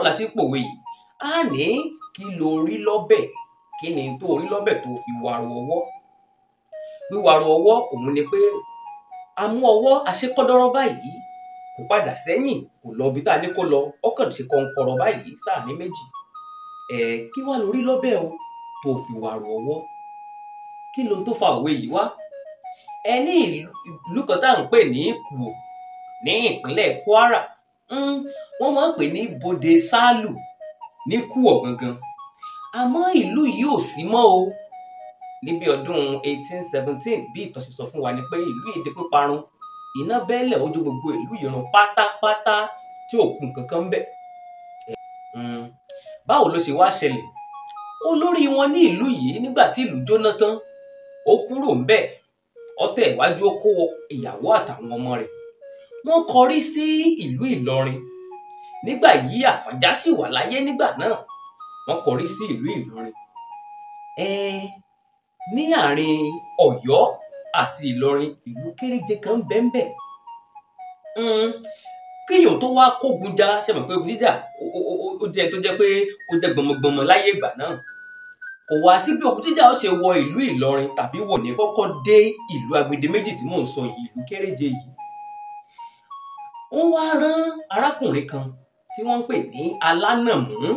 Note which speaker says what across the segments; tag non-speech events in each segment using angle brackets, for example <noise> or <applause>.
Speaker 1: náà láti pòwe yìí á ní kí lo rí lọ́bẹ̀ kí ni tó rí lọ́bẹ̀ tó fi wàrò ọwọ́ wíwàrò ọwọ́ òun ni pé a mú ọwọ́ àṣekọ́dọ́rọ́ báyìí kò padà sẹ́yìn kò lọ ibi tá a ní kó lọ ọkàn ṣe kọ̀ǹkọ̀rọ̀ báyìí sáàmì méjì ẹ̀ kí wàá lórí lọ́bẹ̀ o tó fi wàrò ọwọ́ kí ló tó fa òwe yìí wá ẹ ní ìlú kan tá à ń pè ní Kùò ní ìpínlẹ̀ Kwara Hmm, wọ́n máa ń pè ní bòde sálù ní kúọ̀ gangan àmọ́ ìlú yìí ò sí mọ́ o níbi ọdún 1817 bí ìtàn ṣe sọ fún wa ni pé ìlú yìí di píparun iná bẹ́ẹ̀lẹ̀ ojú gbogbo ìlú yìí run pátápátá tí òkun kankan bẹ̀. Hmm, báwo ló ṣe wá ṣẹlẹ̀ olórí wọn ní ìlú yìí nígbà tí ìlú jóná tán ó kúrò ń bẹ̀ ọ̀tẹ̀ iwájú ó kó ìyàwó àtàwọn ọmọ rẹ̀ wọ́n kọrí sí ìlú Ìlọrin nígbà yìí Àfọ̀njá sì wà láyé nígbà náà wọ́n kọrí sí ìlú Ìlọrin ẹ̀ẹ́n ní àárín Ọ̀yọ́ àti Ìlọrin ìlú kéréje kan bẹ́ẹ̀nbẹ́ẹ̀ hmm, kíyàn tó wá kógun já ṣe mọ̀ pé ogun jíjà ó jẹ́ tó jẹ́ pé ó jẹ́ gbọmọgbọmọ láyé ìgbà náà kò wá sí bí ogun jíjà ó ṣe wọ ìlú Ìlọrin tàbí wọ̀ ní kọ́kọ́ dé ìlú agbede tí mò ń sọ yìí ìlú kéréje yìí wọ́n wá rán arákùnrin kan tí wọ́n ń pè ní alánàmú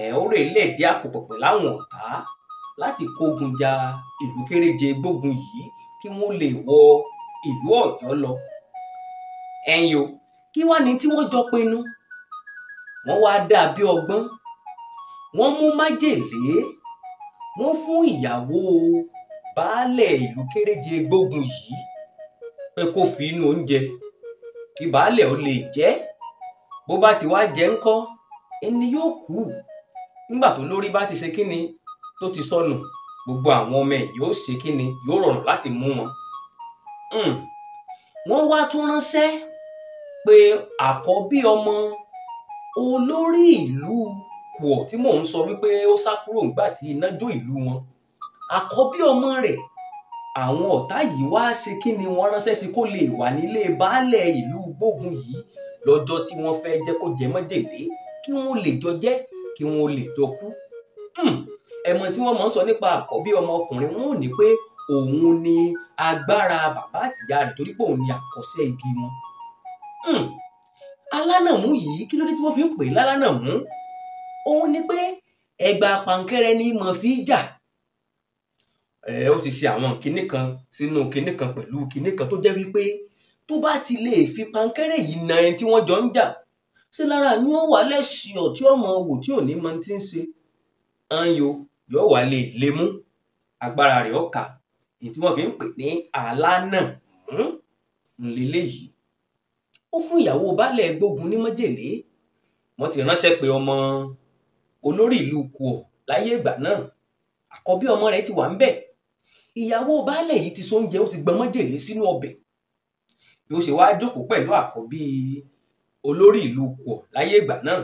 Speaker 1: ẹ̀ ó rè lẹ̀dí àpò pọ̀pẹ̀ ọ̀tá láti kógun ja ìlú kéréje gbógun yìí kí wọ́n lè wọ ìlú ọ̀yọ́ lọ ẹ̀yìn o kí wá ní tí wọ́n jọ pinnu wọ́n wá dà bí ọgbọ́n wọ́n mú májèlé wọ́n fún ìyàwó baálẹ̀ ìlú kéréje gbógun yìí pé kó fi inú oúnjẹ kí baálẹ̀ ó lè jẹ́ bó bá ti wá jẹ́ ńkọ́ ẹni yóò kú nígbà tó lórí bá ti ṣe kíni tó ti sọnù gbogbo àwọn ọmọ ẹ̀ yóò ṣe kíni yóò rọrùn láti mú wọn. Hmm. wọ́n wá tún ránṣẹ́ pé àkọ́bí ọmọ olórí ìlú kùọ̀ tí mò ń sọ wípé ó sá kúrò nígbà tí iná jó ìlú wọn àkọ́bí ọmọ rẹ̀ àwọn ọ̀tá yìí wá ṣe kí wọ́n ránṣẹ́ sí kó lè wà nílé baálẹ̀ ìlú gbógun yìí lọ́jọ́ tí wọ́n fẹ́ jẹ́ kó jẹ mọ́jèlé kí wọ́n lè jọ jẹ kí wọ́n lè jọ kú. Hmm. ẹ̀mọ̀ tí wọ́n mọ̀ ń sọ nípa àkọ́bí ọmọkùnrin wọn ò ní pé òun ni agbára bàbá àtìyá rẹ̀ torí pé òun ni àkọ́ṣẹ́ igi wọn. Hmm. alánàmú yìí kí ló dé tí wọ́n fi ń pè é lálánàmú òun ni pé ẹgbà pàǹkẹ́rẹ́ ni mo fi jà ẹ ó ti ṣe àwọn kinní kan sínú kinní kan pẹ̀lú kinní kan tó jẹ́ wípé tó bá ti lè fi pankẹ́rẹ́ yìí na ẹni tí wọ́n jọ ń jà ṣé lára ni wọ́n wà lẹ́sìọ̀ tí ọmọ wò tí ò ní mọ ti ń ṣe anyo yóò wá lè lè mú agbára rẹ̀ ọ̀ka èyí tí wọ́n fi ń pè ní àlànà hmm, ńlẹ́lẹ́ yìí ó fún ìyàwó baálẹ̀ gbógun ní májèlé wọ́n ti ránṣẹ́ pé ọmọ olórí ìlú kùọ̀ láyé ìgbà náà àkọ́bí ọmọ rẹ̀ ti wà ń bẹ̀ ìyàwó baálẹ̀ yìí ti sóúnjẹ ó ti gbọ́n sínú ọbẹ̀ bí ó ṣe wá jókòó pẹ̀lú àkọ́bí olórí ìlú kùọ̀ láyé ìgbà náà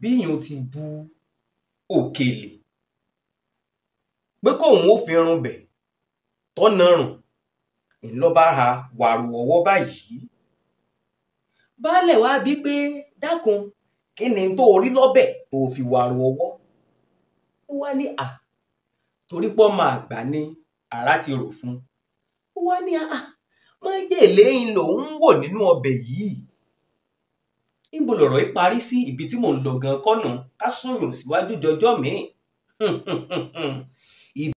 Speaker 1: bí ti bu òkèlè pé kóun ó fi irun bẹ̀ tọ́nà rùn ńlọ́ba ha wàrù ọwọ́ báyìí baálẹ̀ wá bí pé dákun kí ni tó orí lọ́bẹ̀ tó fi wàrù ọwọ́ ó wá ní à torí pọ́ máa gbà ní àrá ti rò fún ó wá ní à májèlé ń lòun ń wò nínú ọbẹ̀ yìí níbo lọ̀rọ̀ yìí parí sí ibi tí mò ń lọ gan kọ́nà ká sùnrùn síwájú dọjọ́ mi <laughs>